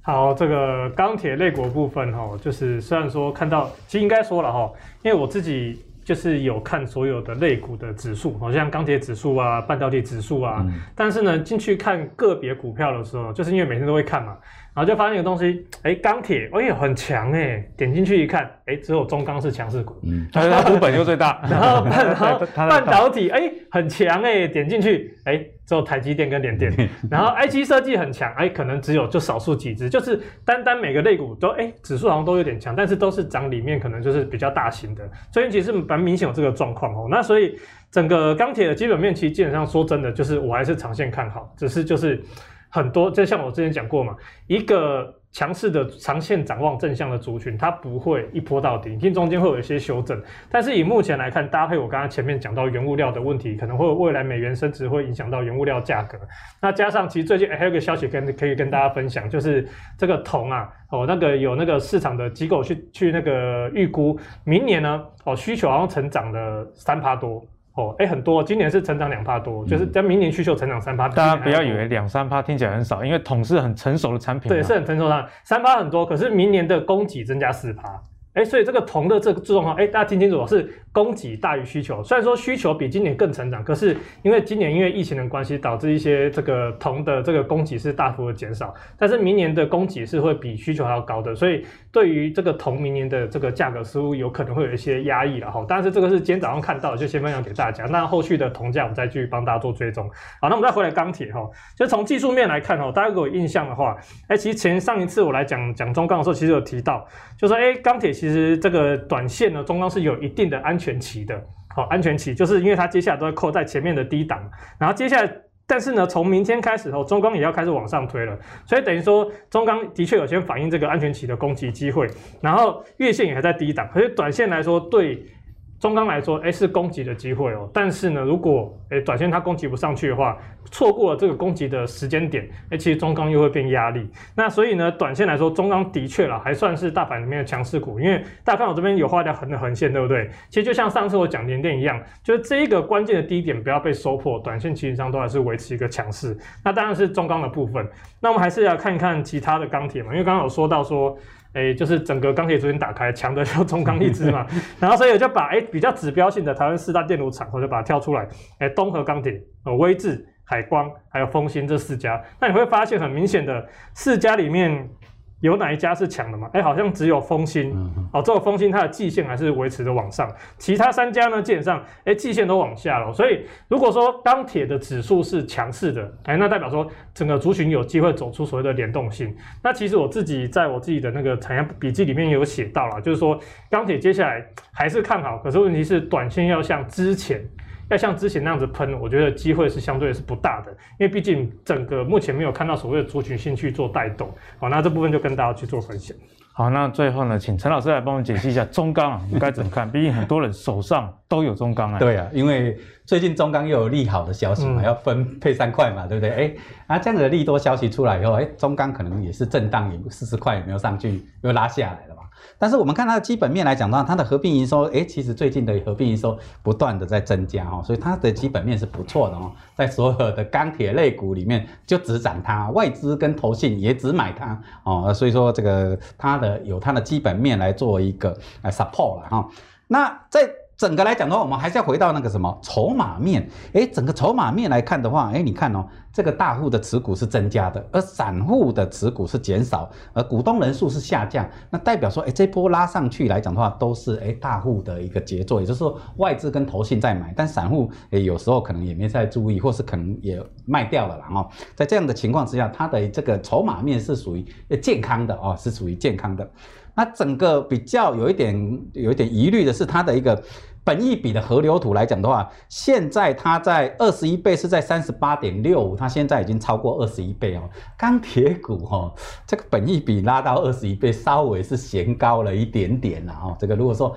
好，這個鋼鐵類股的部分哈，就是雖然說看到，其實應該說了哈，因為我自己就是有看所有的類股的指數，好像鋼鐵指數啊、半導體指數啊、嗯，但是呢，進去看個別股票的時候，就是因為每天都會看嘛。然後就發現一個東西，哎、欸，鋼鐵，哎、欸，很強哎、欸，點進去一看，哎、欸，只有中鋼是強勢股，嗯，而且它股本又最大。然後半導體，哎、欸，很強哎、欸，點進去，哎、欸，只有台積電跟聯電、嗯。然後 IC 設計很強，哎、欸，可能只有就少數幾只，就是單單每個類股都，哎、欸，指數好像都有點強，但是都是漲裡面可能就是比較大型的。所以其實蠻明顯有這個狀況哦。那所以整個鋼鐵的基本面其實基本上說真的，就是我還是長線看好，只是就是。很多，就像我之前講過嘛，一個強勢的長線展望正向的族群，它不會一波到底，一定中間會有一些修正。但是以目前來看，搭配我剛剛前面講到原物料的問題，可能會未來美元升值會影響到原物料價格。那加上其實最近、欸、還有一個消息跟可、可以跟大家分享，就是這個銅啊，哦那個有那個市場的機構去去那個預估，明年呢哦需求好像成長了三趴多。哎、欸，很多，今年是成長兩趴多，就是在明年需求成長三趴、嗯。大家不要以為兩三趴聽起來很少，因為桶是很成熟的產品，對，是很成熟的。三趴很多，可是明年的供給增加四趴。哎、欸，所以這個銅的這個狀況哈，哎、欸，大家聽清楚，是供給大於需求。雖然說需求比今年更成長，可是因為今年因為疫情的關係，導致一些這個銅的這個供給是大幅的減少。但是明年的供給是會比需求還要高的，所以對於這個銅明年的這個價格，似乎有可能會有一些壓抑了哈。但是這個是今天早上看到，就先分享給大家。那後續的銅價，我們再去幫大家做追蹤。好，那我們再回來鋼鐵哈，就從技術面來看哈，大家給我印象的話，哎、欸，其實前上一次我來講講中鋼的時候，其實有提到就是，就說哎，鋼鐵。其實這個短線呢，中鋼是有一定的安全期的，好、哦、安全期就是因為它接下來都會扣在前面的低檔，然後接下來，但是呢，從明天開始後，中鋼也要開始往上推了，所以等於說中鋼的確有先反映這個安全期的攻擊機會，然後月線也還在低檔，可是短線來說對。中鋼來說，誒、欸、是攻擊的機會哦、喔。但是呢，如果誒、欸、短線它攻擊不上去的話，錯過了這個攻擊的時間點，誒、欸、其實中鋼又會變壓力。那所以呢，短線來說，中鋼的確啦，還算是大盤裡面的強勢股。因為大家看我這邊有畫一條橫的橫線，對不對？其實就像上次我講聯電一樣，就是這一個關鍵的低點不要被收破，短線其實上都還是維持一個強勢。那當然是中鋼的部分。那我們還是要看一看其他的鋼鐵嘛，因為剛剛有說到說。誒，就是整個鋼鐵逐漸打開強的就中鋼一支嘛， (laughs) 然後所以我就把誒比較指標性的台灣四大電爐廠，我就把它挑出來，誒，東和鋼鐵、威致、海光還有豐興這四家，那你會發現很明顯的四家裡面。有哪一家是強的嗎？哎、欸，好像只有豐興、嗯。哦，這個豐興它的季線還是維持着往上，其他三家呢，基本上哎、欸，季線都往下了。所以如果說鋼鐵的指數是強勢的，哎、欸，那代表說整個族群有機會走出所謂的連動性。那其實我自己在我自己的那個產業筆記裡面有寫到啦，就是說鋼鐵接下來還是看好，可是問題是短線要像之前。要像之前那樣子噴，我覺得機會是相對是不大的，因為畢竟整個目前沒有看到所謂的族群性去做帶動，好，那這部分就跟大家去做分享。好，那最後呢，請陳老師來幫我們解析一下 (laughs) 中鋼，你該怎麼看？畢竟很多人手上都有中鋼啊、欸。 (laughs) 對啊，因為最近中鋼又有利好的消息嘛，嗯、要分配三塊嘛，對不對？哎、欸，啊，這樣子的利多消息出來以後，哎、欸，中鋼可能也是震盪，也四十塊也沒有上去，又拉下來了吧？但是我們看它的基本面來講的話，它的合併營收，誒，其實最近的合併營收不斷的在增加哦，所以它的基本面是不錯的哦，在所有的鋼鐵類股裡面就只漲它，外資跟投信也只買它哦，所以說這個它的有它的基本面來做一個 support 哈，那在。整個來講的話，我們還是要回到那個什麼籌碼面。誒整個籌碼面來看的話，誒你看哦，這個大戶的持股是增加的，而散戶的持股是減少，而股東人數是下降。那代表說，誒這波拉上去來講的話，都是誒大戶的一個傑作，也就是說外資跟投信在買，但散戶哎有時候可能也沒在注意，或是可能也賣掉了啦。哦，在這樣的情況之下，它的這個籌碼面是屬於健康的哦，是屬於健康的。那整個比較有一點有一點疑慮的是它的一個。本益比的河流圖來講的話，現在它在二十一倍，是在三十八點六五，它現在已經超過二十一倍哦。鋼鐵股哦，這個本益比拉到二十一倍，稍微是嫌高了一點點了、啊、哦。這個如果說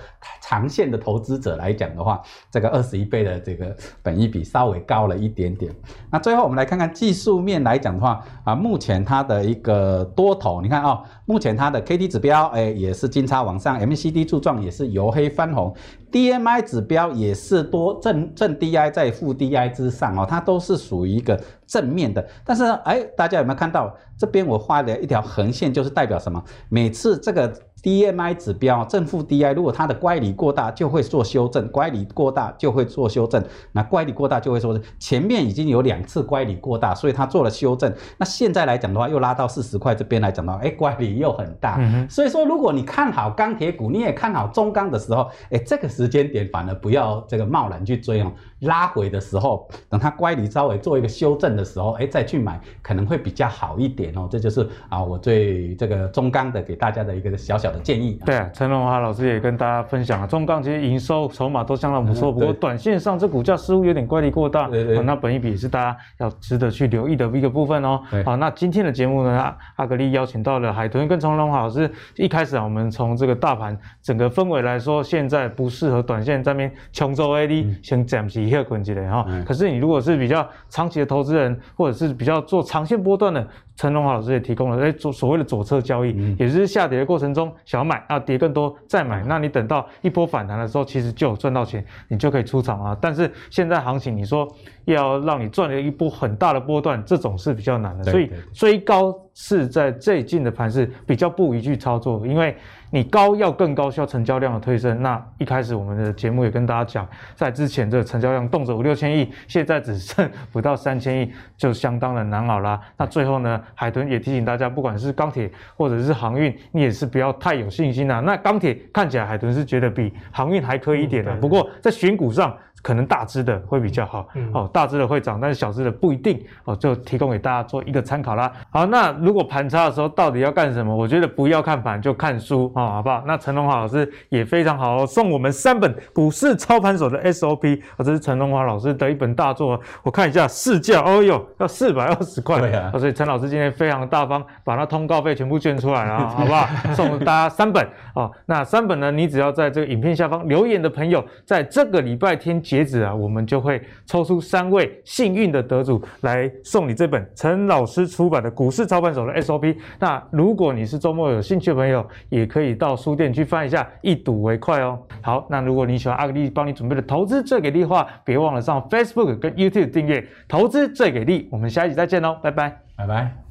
長線的投資者來講的話，這個二十一倍的這個本益比稍微高了一點點。那最後我們來看看技術面來講的話，啊，目前它的一個多頭，你看哦，目前它的 K D 指標，哎，也是金叉往上，M C D 柱狀也是由黑翻紅，D M I、i 指標也是多正，正 DI 在負 DI 之上哦，它都是屬於一個正面的。但是呢，哎，大家有沒有看到這邊我畫了一條橫線，就是代表什麼？每次這個。DMI 指標正負 DI，如果它的乖離過大，就會做修正；乖離過大就會做修正。那乖離過大就會說是前面已經有兩次乖離過大，所以它做了修正。那現在來講的話，又拉到四十塊這邊來講的話，誒，乖離又很大。嗯哼。所以說，如果你看好鋼鐵股，你也看好中鋼的時候，誒，這個時間點反而不要這個貿然去追哦。拉回的時候，等它乖離稍微做一個修正的時候，哎、欸，再去買可能會比較好一點哦、喔。這就是啊，我對這個中鋼的給大家的一個小小的建議、啊。對、啊，陳榮華老師也跟大家分享了、啊、中鋼其實營收籌碼都相當不錯、嗯，不過短線上這股價似乎有點乖離過大對對對、嗯。那本益比是大家要值得去留意的一個部分哦、喔。好，那今天的節目呢，阿格力邀請到了海豚跟陳榮華老師。一開始、啊、我們從這個大盤整個氛圍來說，現在不適合短線這邊。瓊州 A D 先講起。第二個問題呢哈，可是你如果是比較長期的投資人，或者是比較做長線波段的。陳榮華老師也提供了，哎，所謂的左側交易，嗯、也就是下跌的過程中，想要買啊，跌更多再買，那你等到一波反彈的時候，其實就賺到錢，你就可以出場啊。但是現在行情，你說要讓你賺了一波很大的波段，這種是比較難的。對對對，所以追高是在最近的盤勢比較不宜去操作，因為你高要更高需要成交量的推升。那一開始我們的節目也跟大家講，在之前這個成交量動輒五六千億，現在只剩不到三千億，就相當的難熬啦。那最後呢？海豚也提醒大家，不管是鋼鐵或者是航運，你也是不要太有信心啊。那鋼鐵看起來，海豚是覺得比航運還可以一點的。啊，嗯。對對對，不過在選股上。可能大隻的會比較好，嗯、哦，大隻的會漲，但是小隻的不一定哦，就提供給大家做一個參考啦。好，那如果盤差的時候到底要幹什麼？我覺得不要看盤，就看書啊、哦，好不好？那陳榮華老師也非常好、哦，送我們三本股市操盤手的 SOP，哦，這是陳榮華老師的一本大作。我看一下市價，哦呦，要四百二十塊、啊哦。所以陳老師今天非常大方，把那通告費全部捐出來了、哦，好不好？送大家三本 (laughs) 哦。那三本呢，你只要在這個影片下方留言的朋友，在這個禮拜天。截止啊，我們就會抽出三位幸運的得主來送你這本陳老師出版的《股市操盤手的 SOP》。那如果你是周末有興趣的朋友，也可以到書店去翻一下，一睹為快哦。好，那如果你喜歡阿格力幫你準備的投資最給力的話，別忘了上 Facebook 跟 YouTube 訂閱《投資最給力》。我們下一集再見囉，拜拜，拜拜。